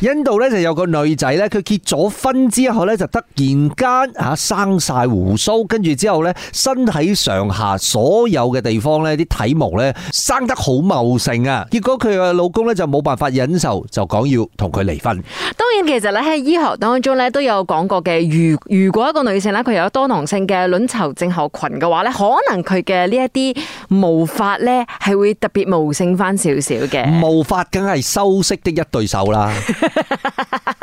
印度咧就有個女仔咧，佢結咗婚之後咧，就突然間吓生晒鬍鬚，跟住之後咧，身體上下所有嘅地方咧，啲體毛咧生得好茂盛啊！結果佢嘅老公咧就冇辦法忍受，就講要同佢離婚。當然，其實咧喺醫學當中咧都有講過嘅，如如果一個女性咧佢有多囊性嘅卵巢症候群嘅話咧，可能佢嘅呢一啲毛髮咧係會特別茂盛翻少少嘅。毛髮梗係修飾的一對手啦。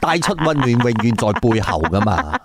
帶出溫暖，永遠在背後噶嘛。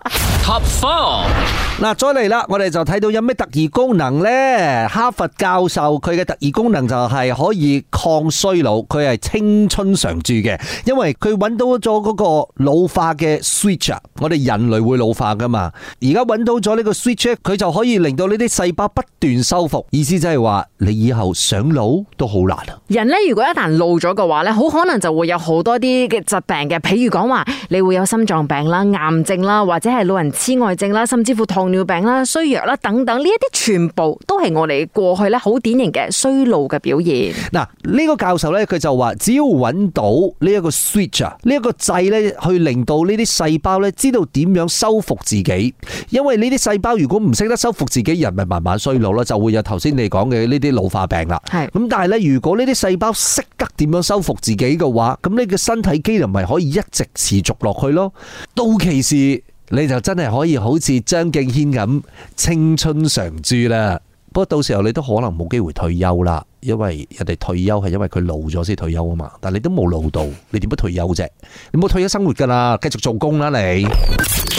嗱，再嚟啦！我哋就睇到有咩特異功能呢？哈佛教授佢嘅特異功能就係可以抗衰老，佢係青春常駐嘅。因為佢揾到咗嗰個老化嘅 switch 啊！我哋人類會老化噶嘛？而家揾到咗呢個 switch，佢就可以令到呢啲細胞不斷修復。意思即係話，你以後想老都好難啊！人呢，如果一旦老咗嘅話呢，好可能就會有好多啲嘅疾病嘅，譬如講話你會有心臟病啦、癌症啦，或者係老人。痴呆症啦，甚至乎糖尿病啦、衰弱啦等等，呢一啲全部都係我哋過去咧好典型嘅衰老嘅表現。嗱，呢個教授呢，佢就話只要揾到呢一個 switch 啊，呢一個掣咧，去令到呢啲細胞呢，知道點樣修復自己。因為呢啲細胞如果唔識得修復自己，人咪慢慢衰老啦，就會有頭先你講嘅呢啲老化病啦。咁，但係呢，如果呢啲細胞識得點樣修復自己嘅話，咁你嘅身體機能咪可以一直持續落去咯。到期時，你就真係可以好似張敬軒咁青春常駐啦，不過到時候你都可能冇機會退休啦，因為人哋退休係因為佢老咗先退休啊嘛，但你都冇老到，你點樣退休啫？你冇退休生活噶啦，繼續做工啦你。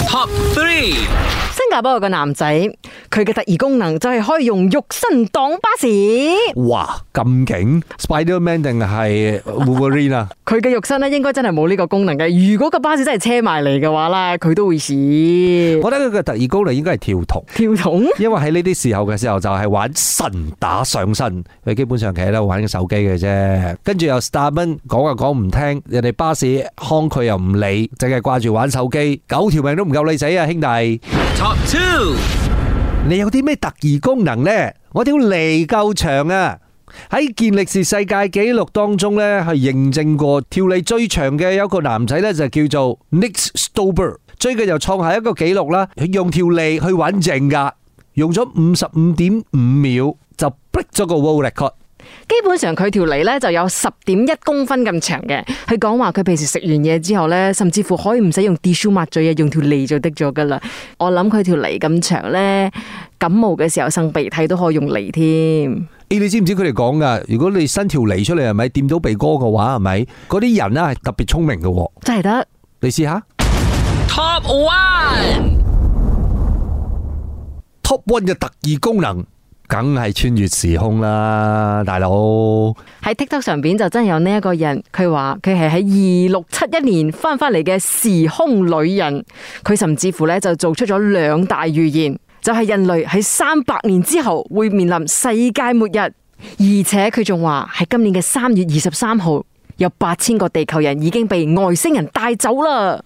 Top three，新加坡有個男仔，佢嘅特異功能就係可以用肉身擋巴士。哇！咁勁，Spiderman 定係 Wolverine 啊？佢嘅肉身咧，應該真係冇呢個功能嘅。如果個巴士真係車埋嚟嘅話咧，佢都會死。我覺得佢嘅特異功能應該係跳桶。跳桶？因為喺呢啲時候嘅時候就係玩神打上身，佢基本上企喺度玩緊手機嘅啫。跟住又 Starman 講又講唔聽，人哋巴士抗拒又唔理，淨係掛住玩手機，九條命都唔夠你死啊，兄弟！Top two，你有啲咩特異功能咧？我條脷夠長啊！喺健力士世界紀錄當中咧，係認證過條脷最長嘅有一個男仔咧，就叫做 Nick Stober，最近就創下一個紀錄啦。用條脷去穩靜噶，用咗五十五點五秒就 break 咗個 world record。基本上佢條脷咧就有十點一公分咁長嘅，佢講話佢平時食完嘢之後咧，甚至乎可以唔使用 tissue 抹咀嘅，用條脷就得咗噶啦。我諗佢條脷咁長咧，感冒嘅時候擤鼻涕都可以用脷添。誒，你知唔知佢哋講噶？如果你伸條脷出嚟係咪掂到鼻哥嘅話係咪？嗰啲人咧係特別聰明嘅，真係得。你試下 Top One，Top One 嘅特異功能。梗係穿越時空啦，大佬喺 TikTok 上邊就真係有呢一個人，佢話佢係喺二六七一年翻返嚟嘅時空旅人，佢甚至乎呢就做出咗兩大預言，就係、是、人類喺三百年之後會面臨世界末日，而且佢仲話喺今年嘅三月二十三號有八千個地球人已經被外星人帶走啦。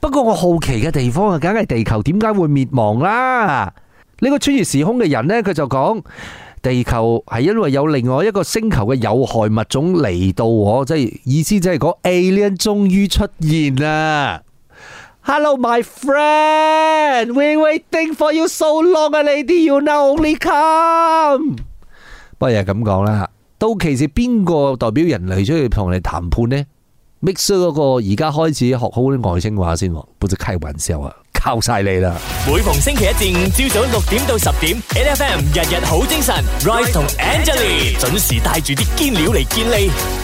不過我好奇嘅地方啊，梗係地球點解會滅亡啦？呢、這個穿越時空嘅人呢，佢就講地球係因為有另外一個星球嘅有害物種嚟到，我即係意思即係 Alien 終於出現啦。Hello my friend, we waiting for you so long, ah lady, you now only come。不過又係咁講啦，到其時邊個代表人類出去同你談判呢？Mixer 嗰個而家開始學好啲外星話先，唔好再開玩笑啊！透曬你啦！每逢星期一至五，朝早六點到十點，NFM 日日好精神，Rice 同 Angel 準時帶住啲堅料嚟見你。